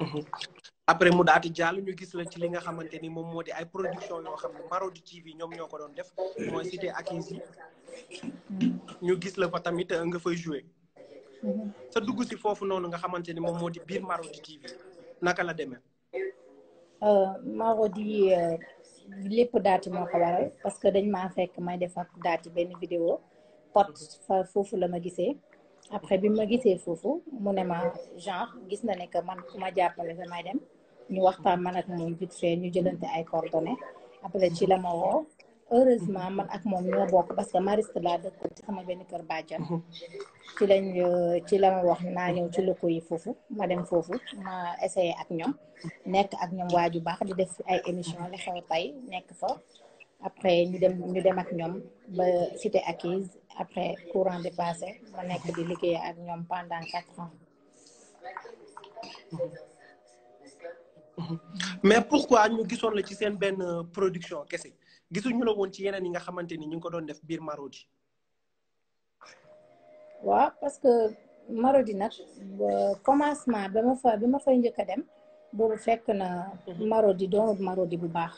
Mhm. après mu daati jàll ñu gis la ci li nga xamante ni moom moo di ay production yoo xam ne Marodi TV ñoom ñoo ko doon def mooy Cité Acquise yi ñu gis la fa tamit nga fay jouer sa dugg si foofu noonu nga xamante ni moom moo di biir Marodi TV naka la demee euh, di euh, lépp daati moo ko parce que dañ maa fekk may def ak daati benn vidéo pot foofu la ma gisee après bi ma gisee foofu mu ne ma genre gis na ne que man ku ma jàppale damay dem ñu waxtaan man ak moom vite fait ñu jëlante ay coordonnées après ci la ma woo heureusement ak moom ñoo bokk parce que mariste laa dëkk ci benn kër bàjjan ci lañ ci la ma wax naa ñëw ci lëkko yi foofu ma dem foofu ma essayé ak ñoom nekk ak ñoom waaju baax di def ay émission la xew tey nekk fa après ñu dem ak ñoom ba cité acquise après courant bi passé ma nekk di liggéey ak ñoom pendant quatre ans. Mm-hmm. mais pourquoi ñu gisoon la ci seen benn euh, production kese gisuñu la woon ci yeneen yi nga xamante ni ñu ngi ko doon def biir Marodi. waaw parce que Marodi nag commencement ba ma fa bi ma fay njëkk a dem boobu fekk na mm-hmm. Marodi doonul Marodi bu baax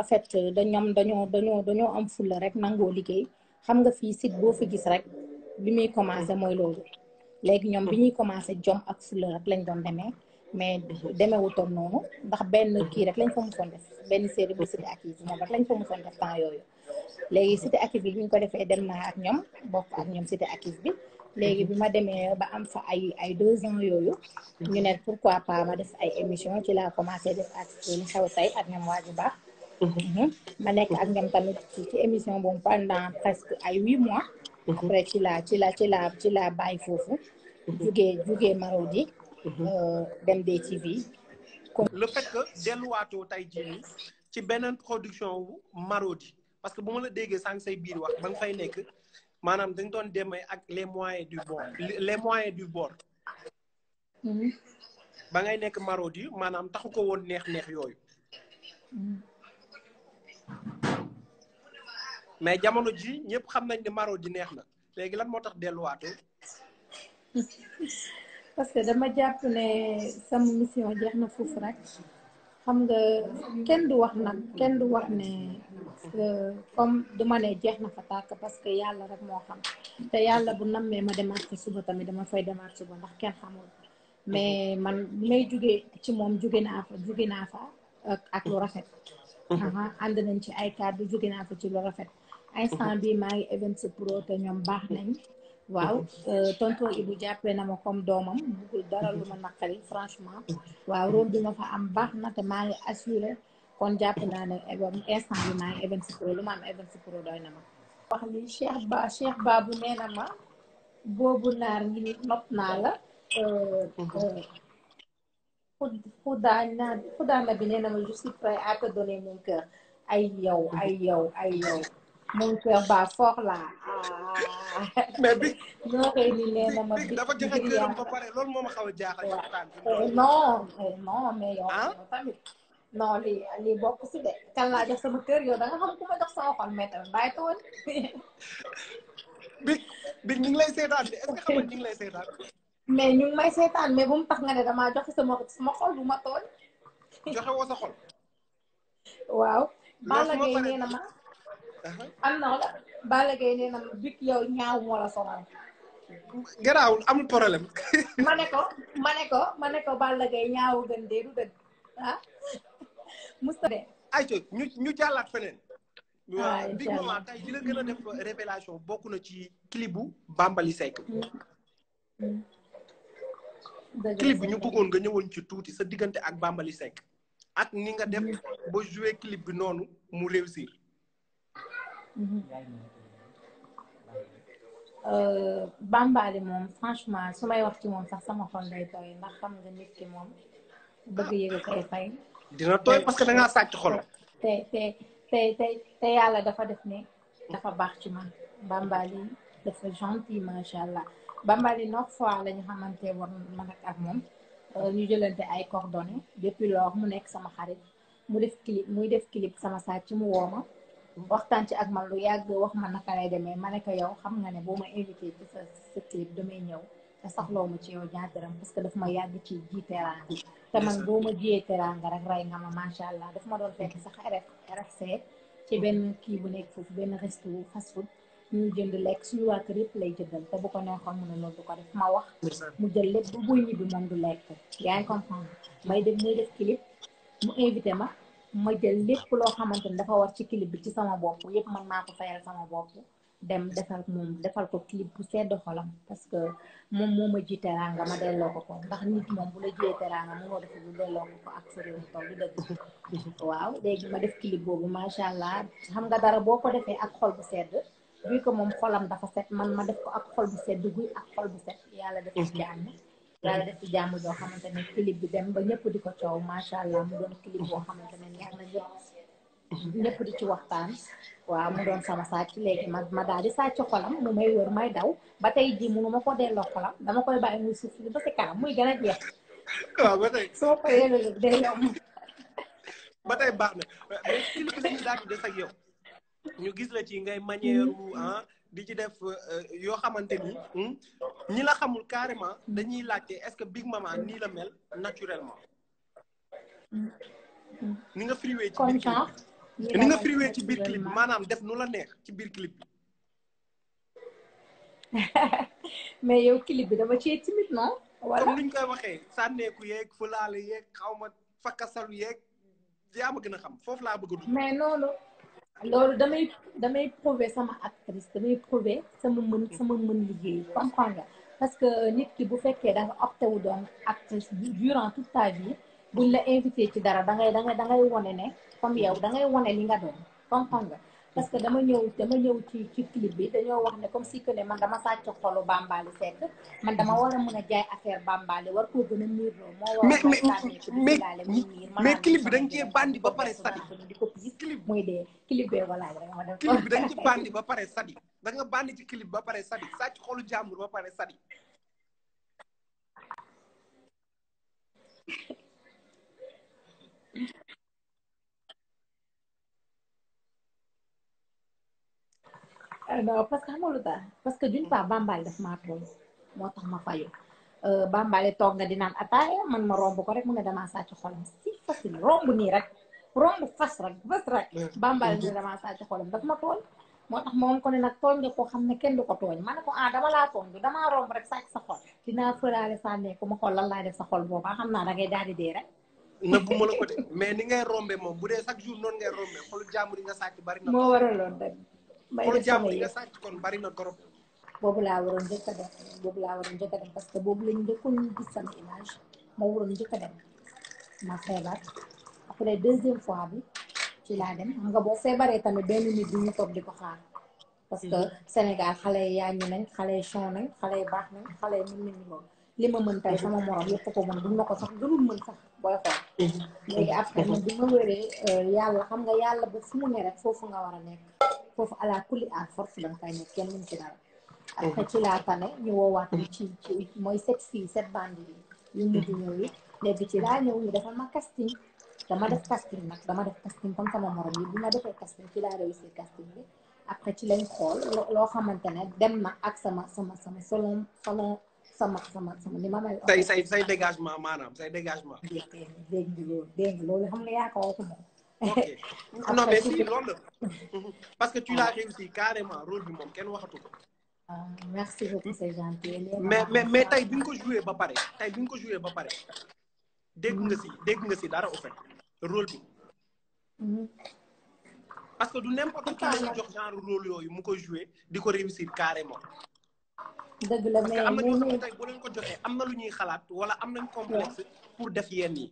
a fet da ñoom dañoo dañoo dañoo am fulla rek nangoo liggéey. xam nga fii site boo fi gis rek bi muy commencé mooy loolu léegi ñoom bi ñuy commencé jom ak fulla rek lañ doon demee mais demeewutoon noonu ndax benn kii rek lañ fa musoon def benn série bu Cité Active moom rek lañ fa musoon def yooyu léegi Cité Active bi ñu ko defee dem naa ak ñoom bokk ak ñoom Cité Active bi léegi bi ma demee ba am fa ay ay deux ans yooyu ñu ne pourquoi pas ma def ay émission ci laa commencé def ak li xew tey ak ñoom waaju baax Mhm. ma nekk ak ñoom tamit ci émission boobu pendant presque ay huit mois. Mhm. après ci la ci la ci la ci la bàyyi foofu. Mhm. jugee jugee Marodi. Euh, dem DTV. le fait que delluwaatoo tey jii ci beneen production wu Marodi parce que bu ma la déggee sànq say biir wax ba nga fay nekk maanaam dañ doon demee ak les moyens du bord les moyens du bord. ba ngay nekk Marodi maanaam taxu ko woon neex-neex yooyu. mais jamono ji ñëpp xam nañ ne Marodi neex na léegi lan moo tax delluwaatoo. parce que dama jàpp ne sama mission jeex na foofu rek xam nga kenn du wax nag kenn du wax ne euh, comme du ma jeex na fa tàkk parce que yàlla rek moo xam te yàlla bu nammee ma demaat ci suba tamit dama fay demaat suba ndax kenn xamul mais man may jugee ci moom juge naa fa juge naa fa ak lu rafet. Mhm. ànd nañ ci ay kàddu juge naa fa ci lu rafet. instant bi maa ngi event si pro te ñoom baax nañ waaw euh, tonton Ibou jàppe na ma comme doomam bugul dara lu ma naqari franchement waaw rôle bi nga fa am baax na te maa ngi kon jàpp naa ne instant bi maa ngi event si pro lu ma am event si na ma boobu naar ngi nit nopp naa la xudaa naa bi nee na ma je suis prêt à ay yow ay yow ay yow mon cœur bat fort là ah. mais bi ñoo xëy ni nee ma bi dafa joxe këram ba loolu moo ma xaw a jaaxal ci waxtaan bi euh, non bokk si de kan laa jox sama kër yow da xam ku ma jox sama xol mais tamit bàyyi toon bi bi ñu lay seetaan de est que xam nga lay seetaan mais ñu ngi may seetaan mais bu tax nga ne damaa joxe sama suma xol bu ma tooñ joxe woo sa waaw maa la gay nee ma am na wala Balla Gaye nee na ma bik yow ñaaw moo amul problème. ma ne ma ne ko ma ne ko Balla Gaye ñaawu gën dee du ñu ñu jàllaat feneen. waaw big maman tey li la gën a def révélation bokk na ci kilibu bu Bambali Seck. Mm. Mm. clip ñu bëggoon nga ñëwoon ci tuuti sa diggante ak Bambali Seck. ak ni nga def mm. ba jouer clip bi noonu mu réussir. Bambaali moom franchement su may wax ci moom sax sama xol lay tooy ndax xam nga nit ki moom bëgg yëg koy fay. dina tooy parce que te yàlla dafa def ne. dafa baax ci man. Bambaali dafa gentil macha allah Bambaali nox fois la ñu xamante woon man a ak moom ñu jëlante ay coordonnées depuis lors mu nekk sama xarit mu def clip muy def clip sama ci mu wooma waxtaan ci ak man lu yàgg wax ma naka lay ma ne ko yow xam nga ne boo ma invité ci sa sa clip damay ñëw te saxloo ci yow ñaataram parce que dafa ma yàgg ci ji teraanga te man boo ma jiyee teraanga rek rey nga ma macha allah daf ma doon fekk sax RF RFC ci benn kii bu nekk foofu benn resto fast food ñu jënd lekk suñu waa kër yëpp lay jëndal te bu ko neexoon mu a loolu du ko def ma wax mu jël lépp bu buy ñibbi moom du lekk yaa ngi comprendre may def muy def clip ma ma jël lépp loo xamante ni dafa war ci kilib bi ci sama bopp yëpp man maa ko fayal sama bopp dem defal defal ko clip bu sedd xolam parce que moom moo ma ji teraanga ma delloo ko ko ndax nit moom bu la jiyee teraanga mënoo def lu delloo ko ko ak sa réew tool waaw léegi ma def clip boobu macha allah xam nga dara boo ko defee ak xol bu sedd bu ko moom xolam dafa set man ma def ko ak xol bu sedd guy ak xol bu set yàlla def ci daal def ci jàmm joo xamante ne clip bi dem ba ñëpp di ko coow macha allah mu doon clip boo xamante ne neex na ñëpp ñëpp di ci waxtaan waaw mu doon sama sàcc léegi ma ma daal di sàcc xolam mu may wër may daw ba tey jii munu ma ko delloo xolam dama koy bàyyi muy suuf li ba si kanam muy gën a waaw ba tey soo ko yëlee day ba tey baax na mais clip lañu des ak yow ñu gis la ci ngay manière ah di ci def euh, yoo xamante ni hmm, ñi la xamul carrément dañuy laajte est-ce que Big Mama nii la mel naturellement. Mm-hmm. ni nga friwee ci biir clip bi ni nga friwee ci biir clip maanaam def nu la neex ci biir clip bi. mais yow clip bi dama ci timide non. wala comme ni ñu koy waxee sànneeku yeeg fulaale yeeg xaw ma fakkasalu yeeg yaa ma na xam foofu laa bëgg a dugg. mais noonu. loolu damay damay prouver sama actrice damay prouver sama mën sama mën liggéey comprendre nga parce que nit ki bu fekkee dafa opté wu doon actrice durant toute ta vie buñ la invité ci dara da ngay da da ngay wone ne comme yow da ngay wone li nga doon comprendre nga parce que dama ñëw dama ñëw ci clip bi dañoo wax ne comme si que ne man dama sàcc xolu Bambaly Seck man dama war a mën a jaay affaire Bambaly war koo gën a miir loo moo war a mais clip bi dañ cee bandi ba pare sadi di ko gis clip bi ba pare sadi da nga bandi ba pare sadi sàcc xolu jàmbur ba pare sadi non eh, parce que xam nga lu tax parce que d'une part bambale daf maa tooñ moo tax ma fayu euh, bambale toog nga di naan ataaya man ma romb ko rek mu ne damaa sàcc xolam si facile romb nii rek romb fas rek fas rek bambale mu mm-hmm. ne damaa sàcc xolam daf ma tooñ moo tax moom ko ne nag tooñ nga koo xam ne kenn du ko tooñ ma ko ah dama laa tooñ du damaa romb rek sàcc sa xol dinaa fëraale sànnee ko ma xool lan laay sa xol boobaa ah, xam naa da ngay daal di dee rek nëbbu ma la ko de mais ni ngay rombe moom bu dee chaque jour noonu ngay pour jaamu yi nga sàcc bari na trop. boobu laa waroon njëkk a def boobu laa waroon njëkk parce que boobu lañu njëkkoon gis sama image ma waroon njëkk a dem ma feebar après deuxième fois bi ci laa dem xam nga boo feebaree tamit benn nit du ñu di ko xaar. parce que mm-hmm. Sénégal xale yi yaañu nañ xale yi chon nañ xale yi baax nañ xale yi mën nañu lool li ma mën tey sama morom yëpp ko mën duñ ma ko sax gënul mën sax booy xool. Mm-hmm. léegi après man bi wéree euh, yàlla xam nga yàlla ba fu mu foofu nga war a nekk. foofu ala kulli à force danga fay nekk ken mën ci dara oh. après ci laa tane ñu woowaat ci ci mooy set fii set band yi yu mujj mm-hmm. ñëw yi léegi ci laa ñëw ñu defal ma casting dama def casting nag dama def casting comme sama morom yi bi ma defee casting ci laa réussir casting bi après ci lañ xool loo xamante ne dem na ak sama sama sama salon salon sama sama sama ni ma may. say say say dégagement maanaam say dégagement. dégg nga loolu xam nga yaa ko waxuma ko. ok non mais si loolu parce que tu l'as réussi carrément rôle bi moom kenn waxatu ko. Ah, merci beaucoup c'est mais mais tey bi nga ko joué ba pare tey bi ko joué ba pare dégg nga si mm. dégg nga si dara au fait rôle bi. Mm. parce que du n'importe qui la jox genre rôle yooyu mu ko joué di ko réussir carrément. dëgg la mais am na ñoo xam ne tey boo leen ko joxee am na lu ñuy xalaat wala am nañ complexe pour def yenn yi.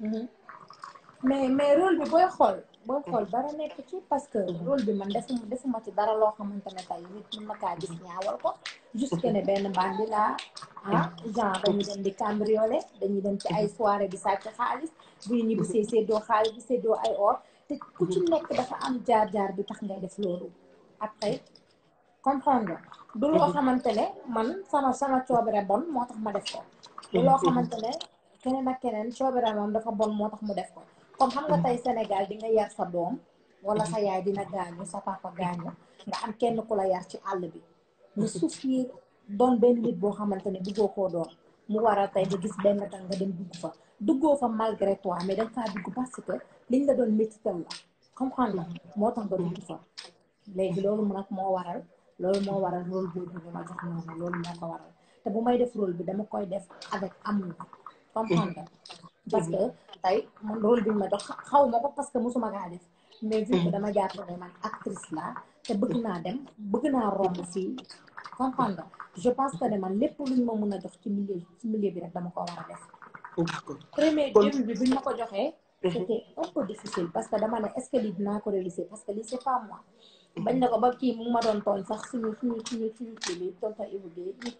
Mm-hmm. mais mais rôle bi booy xool booy xool mm. dara nekk ci parce que mm. rôle bi man defu defuma ci dara loo xamante ne tey nit mën na kaa gis ñaawal ko juste ne benn bandi laa ah genre dañuy dem di cambriolé dañuy dem ci ay mm-hmm. soirée di sàcc xaalis buy ñibbi see mm-hmm. séddoo xaalis bi séddoo ay or te ku ci mm-hmm. nekk dafa am jaar-jaar bi tax ngay def loolu après comprendre du loo xamante ne man sama sama coobare bon moo tax ma def ko du loo xamante ne keneen ak keneen coobare moom dafa bon moo tax mu def ko comme xam nga tey Sénégal di nga yar sa doom wala mm. sa yaay dina gaañu sa papa gaañu nga am kenn ku la yar ci àll bi nga mm. souffrir doon benn nit boo xamante ne bëggoo koo doon mu waral tey nga gis benn temps nga dem dugg fa duggoo fa malgré toi mais da nga faa parce que liñ la doon métital la comprendre la moo tax nga dugg fa léegi loolu nag moo waral loolu moo waral rôle boobu bi ma jox noonu loolu moo ko waral te bu may def rôle bi dama koy def avec amour comprendre mm. parce que tey man rôle bi ma dox xaw ma ko parce que mosuma kaa def mais vu que mhm. dama jàpp ne man actrice la te bëgg naa dem bëgg naa romb fii comprendre je pense que ne man lépp luñ ma mën a jox ci milieu ci milieu bi rek dama ko war a def oh, premier début bi buñ ma ko joxee mhm. c'était un peu difficile parce que dama ne est-ce que lii dinaa ko réaliser parce que lii bañ na ko ba kii mu ma doon tooñ sax suñu suñu suñu suñu kii bi tonton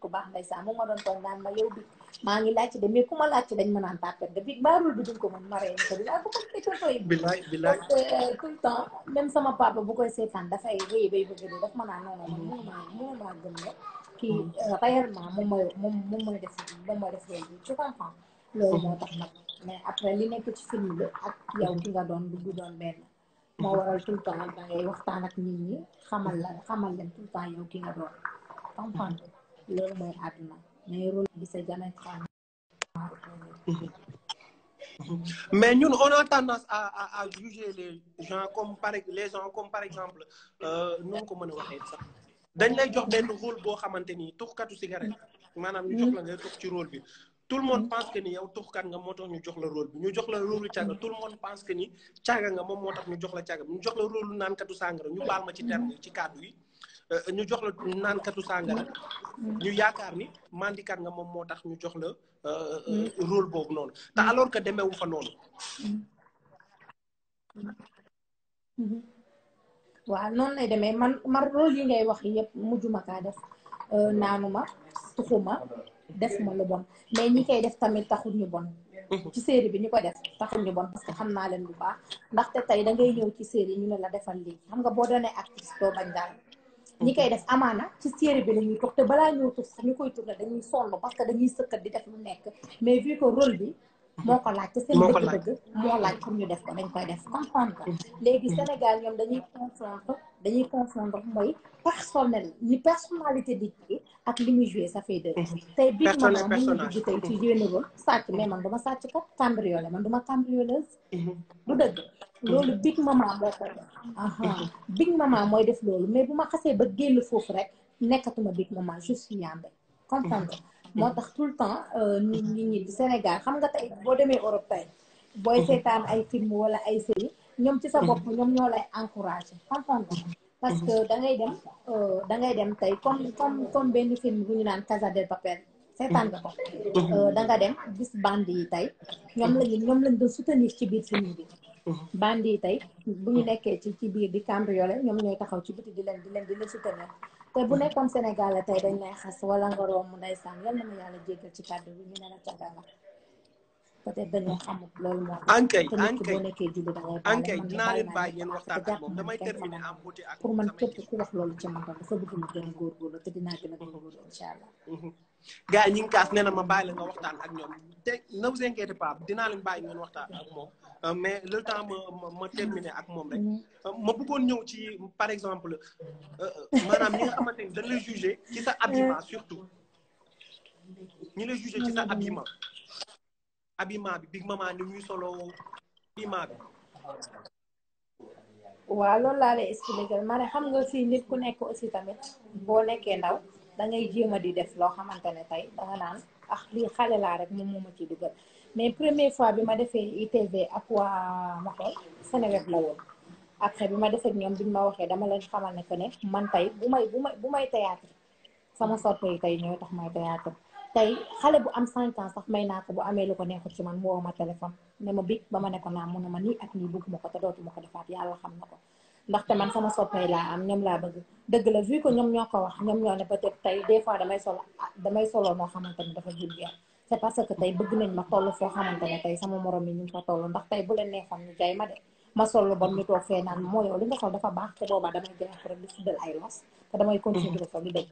ku baax ndeysaan mu ma doon tooñ naan ma yow bi maa ngi laajte de mais ku ma laajte dañ ma naan tàppet de bi baarul ko man ma ko bi laa ko ko tonton Ibou bilaay bilaay parce que euh, tout bu koy seetaan dafay rëy bay bëgg de daf ma naan non non mënu maa kii mm. euh, réellement moom mooy moom moom mooy def moom mooy def loolu tu comprends loolu moo tax nag mais après li nekk ci film bi ak yow ki nga doon du doon benn moo waral tout le temps da ñi xamal la xamal leen tout le temps yow ki nga doon mm-hmm. mais ñun on a tendance à à juger les gens comme par les gens comme par exemple euh, nu ko mën a waxee sax dañ lay jox benn rôle boo xamante ni tuxkatu cigarette maanaam ñu jox la ngay tux ci rôle bi tout le monde mm. pense que ni yow tuxkat nga moo tax ñu jox la rôle bi ñu jox la rôle càgga tout le monde pense que ni càgga nga moom moo tax ñu jox la càgga ñu jox la rôle naankatu sàngara ñu baal ma ci terme ci kàddu yi euh, ñu jox la naankatu sàngara mm. ñu yaakaar ni mandikat nga moom moo tax ñu jox la mm. euh, rôle boobu noonu te alors que demeewu fa noonu waaw noonu lay demee man man rôle yi ngay wax yëpp mujjuma kaa def euh, naanuma tuxuma def ma lu bon mais ñi koy def tamit taxul ñu bon mhm. ci série bi ñu ko def taxul ñu bon parce que xam naa leen bu baax ndaxte tey da ngay ñëw ci série ñu ne la defal léegi xam nga boo doonee actrice doo bañ daal ñi koy def amaana ci série bi la ñuy toog te balaa ñëw tur sax ñu koy tourné dañuy sonn parce que dañuy sëkkat di def lu nekk mais vu que rôle bi moo ko laaj te seen bëgg-bëgg moo laaj comme ñu def ko dañ koy def comprendre nga léegi mm-hmm. Sénégal ñoom dañuy confondre dañuy confondre mooy personnel ni personnalité di ji ak li muy joué ça fait deux mm-hmm. tey biir maman mu ngi dugg tey ci joué mm-hmm. niveau sàcc mais man duma sàcc kat cambriolé man duma cambrioleuse du dëgg loolu big maman moo koy def big maman mooy def loolu mais bu ma xasee ba génn foofu rek nekkatuma big maman je suis yambe comprendre moo tax tout le temps euh, nit ñi di Sénégal xam nga tey boo demee Europe tey booy mhm. seetaan ay film wala ay série ñoom ci sa mhm. bopp ñoom ñoo lay encouragé parce que mhm. da ngay dem euh, da ngay dem tey comme comme comme benn film bu ñu naan Casa de Papel seetaan nga ko euh, da nga dem gis bandi yi tey ñoom lañu ñoom lañ doon soutenir ci biir film bi band yi tey bu ñu nekkee ci ci biir di cambriolé ñoom ñooy taxaw ci biti di leen di leen di leen soutenir te bu nekkoon Sénégal la tey dañ lay xas wala nga romb ndeysaan yal na ma a jéggal ci kàddu bi ñu ne la cagala peut-être dañoo xamut loolu moo ankay ankay ankay dinaa leen bàyyi ngeen waxtaan ak moom pour man képp ku wax loolu ma gën a góorgóorlu te dinaa na ma bàyyi la waxtaan ak ñoom dinaa leen bàyyi ngeen waxtaan ak moom Euh, mais le temps ma ma terminer ak moom rek mm-hmm. euh, ma bëggoon ñëw ci par exemple euh, maanaam ñi nga xamante ni dañ lay juger ci sa mm-hmm. habillement surtout ñi lay juger ci sa mm-hmm. habillement habillement bi Big Maman ni muy solo habillement bi waaw loolu laa lay expliquer ma xam nga si nit ku nekk aussi tamit boo nekkee ndaw da ngay a di def loo xamante ne tey danga naan ak ah, lii xale laa rek moom moo ma ciy dugal mais première fois bi ma defee ITV ak waa ma xool Seneweb la woon après bi ma defee ñoom bi ma waxee dama leen xamal ne que ne man tey bu may bu may bu may théâtre sama soppe yi tey ñooy tax may théâtre tey xale bu am cinq ans sax may naa ko bu amee lu ko neexul ci man woo ma téléphone ne ma bi ba ma ne naa mun a ma nii ak nii bëgguma ko te dootuma ko defaat yàlla xam na ko ndaxte man sama soppay laa am ñoom laa bëgg dëgg la vu que ñoom ñoo ko wax ñoom ñoo ne peut-être tey des fois damay solo damay noo xamante dafa vulgaire c'est parce que tey bëgg nañ ma toll foo xamante ne tey sama morom yi ñu ngi ndax tey bu leen neexoon ñu jaay ma de ma solo ba ñu toog fee naan moo yow li nga xool dafa baax te boobaa damay jaay ko rek di fuddal ay los te damay continuer di dëgg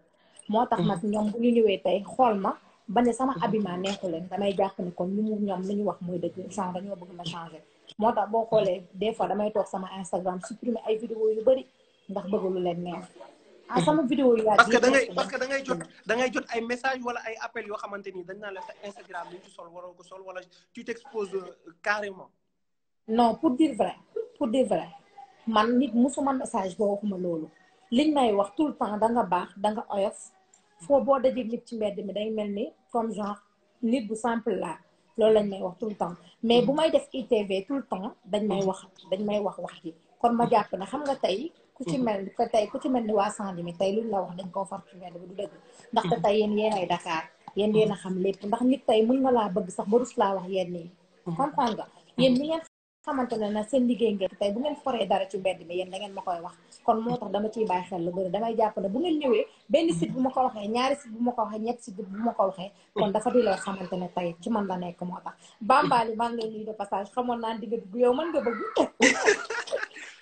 moo tax nag ñoom bu ñu ñëwee tey xool ma ba ne sama abima neexu leen damay jàpp ne kon ñu mu ñoom li ñu wax mooy dëgg change ñoo bëgg ma changer moo tax boo xoolee des fois damay toog sama Instagram supprimer ay vidéo yu bëri ndax bëgg lu leen neex. ah hmm. sama vidéo yi parce que da ngay parce que da jot ay message wala ay appel yoo xamante ni dañ naa la sa Instagram li ci sol waroo ko sol wala tu t'exposes euh, carrément. non pour dire vrai pour dire vrai man nit musuma message boo waxuma loolu liñ may wax tout le temps da nga baax danga nga oyof foo boo dajee nit ci mbedd mi day mel ni comme genre nit bu simple laa. loolu lañ may wax tout le temps mais bu mm. may def ITV tout le temps dañ may mm. wax dañ may wax wax ji kon ma jàpp na xam nga tey ku ci mm. mel tey ku ci mel ni waa Sans Limites tey luñ la wax dañ koo far ci mel du ndax ndaxte tey yéen yéenay Dakar yéen yéen a xam lépp ndax nit tey mën na laa bëgg sax ba rus laa wax yenn yi comprendre nga yéen ñi ngeen xamante ne na seen liggéey ngeen tey bu ngeen foree dara ci mbedd mi yéen da ngeen ma koy wax kon moo tax dama ciy bàyyi xel lu bëri damay jàpp ne bu ngeen ñëwee benn site bu ma ko waxee ñaari site bu ma ko waxee ñetti site bu ma ko waxee kon dafa di loo xamante ne tey ci man la nekk moo tax bambaali maa ngi lay nuyu de passage xamoon naa di nga dugg yow mën nga bëgg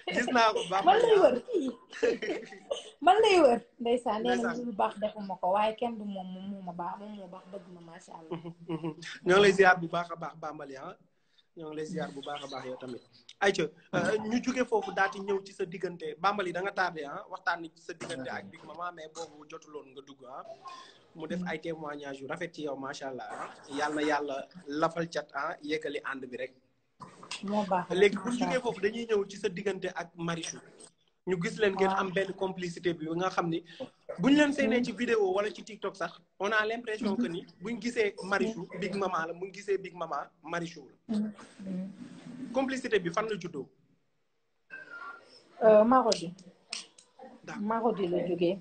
gis naa ko baax man lay wër kii man lay wër ndeysaan nee na lu baax defuma ko waaye kenn du moom moom moo ma baax moom moo baax bëgg ma macha allah ñoo ngi bu baax a baax bambali ah. ñoo ngi lay ziar bu baax a baax yow tamit. ayca euh, ñu juge foofu daati ñëw ci sa diggante Bambali da nga tardé ah waxtaan ci sa diggante ak Big ma maamee boobu jotuloon nga dugg ah. mu def ay témoignages yu rafet ci yow macha allah ah yal na yàlla lafal cat ah yeggali ànd bi rek. moo baax léegi bu ñu foofu dañuy ñëw ci sa diggante ak Marichou ñu gis leen ngeen am ah. benn complicité bi nga xam ni bu leen seenee ci vidéo wala ci TikTok sax on a l'impression que ni buñ gisee Marichou Big Mama la buñ gisee Big Mama Marichou la complicité bi fan la juddoo. Euh, Marodi. Marodi la jógee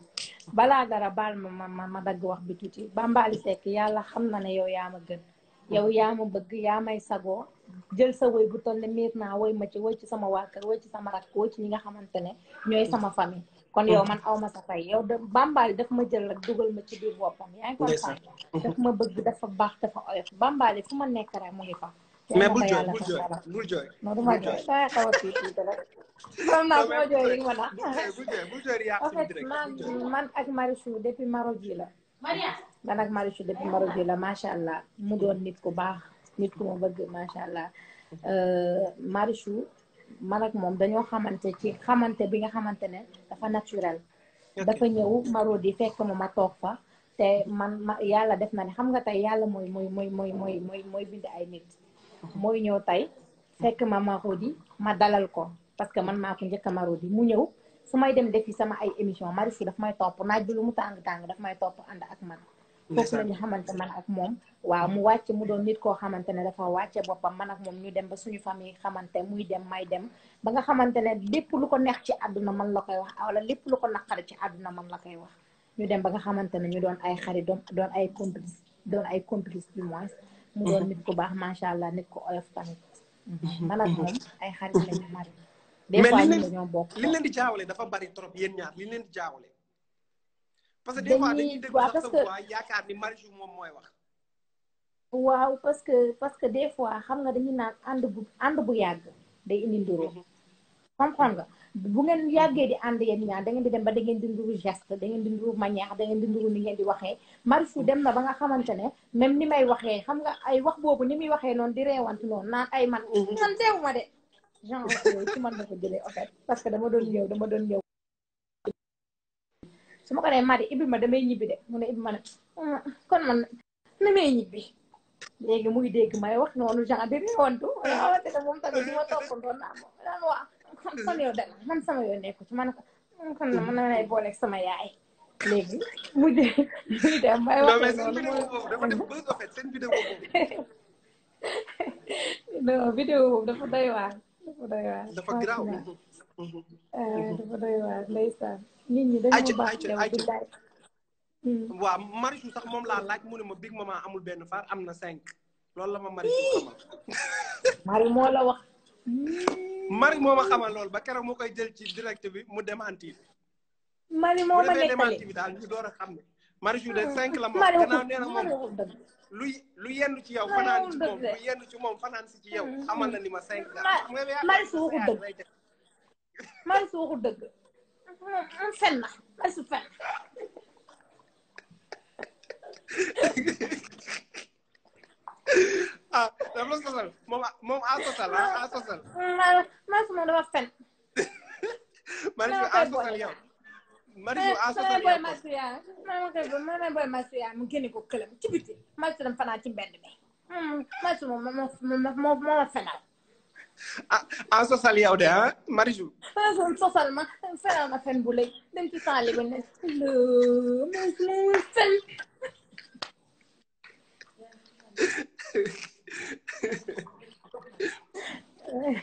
balaa dara baal ma ma ma dagg wax bi tuuti Bambaly Seck yàlla xam na ne yow yaa ma gën. yow yaa ma bëgg yaa may sago jël sa woy bu toll ne miir naa woy ma ci woy ci sama waa kër woy ci sama rakk woy ci ñi nga xamante ne ñooy sama famille kon yow man aw ma sa fay yow de bambali daf ma jël rek dugal ma ci biir boppam yaa ngi comprendre daf ma bëgg dafa baax dafa oyof bambali fu ma nekk rek mu ngi fa mais bul jooy bul jooy bul jooy non du ma jooy saa xaw a tuuti rek xam jooy yi ma na en man man ak Marichou depuis Marodi la man ak Marichou depuis Maroc bi la macha allah mu doon nit ku baax nit ku ma bëgg macha allah euh, Marichou man ak moom dañoo xamante ci xamante bi nga xamante ne dafa naturel. dafa ñëw yi fekk ma ma toog fa. te man ma yàlla def na ne xam nga tey yàlla mooy mooy mooy mooy mooy mooy mooy ay nit. mooy ñëw tey fekk ma Marodi ma dalal ko parce que man maa ko njëkk a Marodi mu ñëw su may dem defi sama ay émission Marichou daf may topp naaj bi lu mu tàng tàng daf may topp ànd ak man. kooku la ñu xamante man ak moom waaw mu wàcce mu doon nit koo xamante ne dafa wàcce boppam man ak moom ñu dem ba suñu famille xamante muy dem may dem ba nga xamante ne lépp lu ko neex ci àdduna man la koy wax wala lépp lu ko naqari ci àdduna man la koy wax ñu dem ba nga xamante ne ñu doon ay xarit doon doon ay complice doon ay complice du moins mu doon mm-hmm. nit ku baax macha allah nit ku oyof tamit mm-hmm. man ak mm-hmm. moom ay xarit lañu mari des fois ñu dañoo bokk mais li leen di jaawale dafa parce que des fois dañuy déglu sax sa voix yaakaar ni moom mooy wax. waaw parce que parce que des fois xam nga dañuy naan ànd bu ànd bu yàgg day indi nduroo mm-hmm. comprendre nga bu ngeen yàggee di ànd yéen ñaar da ngeen di dem ba da ngeen di nduru geste da ngeen di nduru manière da ngeen di nduru ni ngeen di waxee Marichou dem na ba nga xamante ne même ni may waxee xam nga ay wax boobu ni muy waxee noonu di reewante noonu naan ay man mm-hmm. man teewu ma de genre yooyu ci man na ko jëlee en parce que dama doon ñëw dama doon ñëw su ma ko nee Madi ibbi ma damay ñibbi de mun ne ibbi ma ne ah, kon man damay ñibbi léegi muy dégg may wax noonu genre bi muy wontu xamante ne moom tamit ma toppandoon naa moom daan wax kon kon man sama yoon nekku ci man kon man damay booleeg sama yaay léegi muy dégg muy may wax noonu dafa def buzz en fait seen vidéo boobu non vidéo boobu dafa dafa doy waar dafa garaaw dafa doy waar ndeysaan nit ñi dañoo baax waaw Marichou sax moom laa laaj mu ne ma big maman amul benn far am na cinq loolu la ma Marichou Mari moo la wax Mari moo xamal loolu ba keroog moo koy jël ci direct bi mu démenti Mari moo ma nettali bi daal ñu door a xam ne Marichou de cinq la ci yow fanaan ci moom lu ci fanaan ci yow xamal na ni ma cinq la Marichou waxul dëgg Marichou waxul dëgg moom fen na Marichou fen ah daf la sosal moom a sosal a sosal Marichou moom dafa fen Marichou a sosal yow Marichou à sa tool yi ma ne booy Massia mu génne ko këlam ci biti Marichou dama fanaan ci mbedd mi Marichou moom moo moo moo fenal. ah ah sosal yow de ah Marichou. Marichou sosal ma fenal ma fen bu dem ci saali ba ne loo ma fen.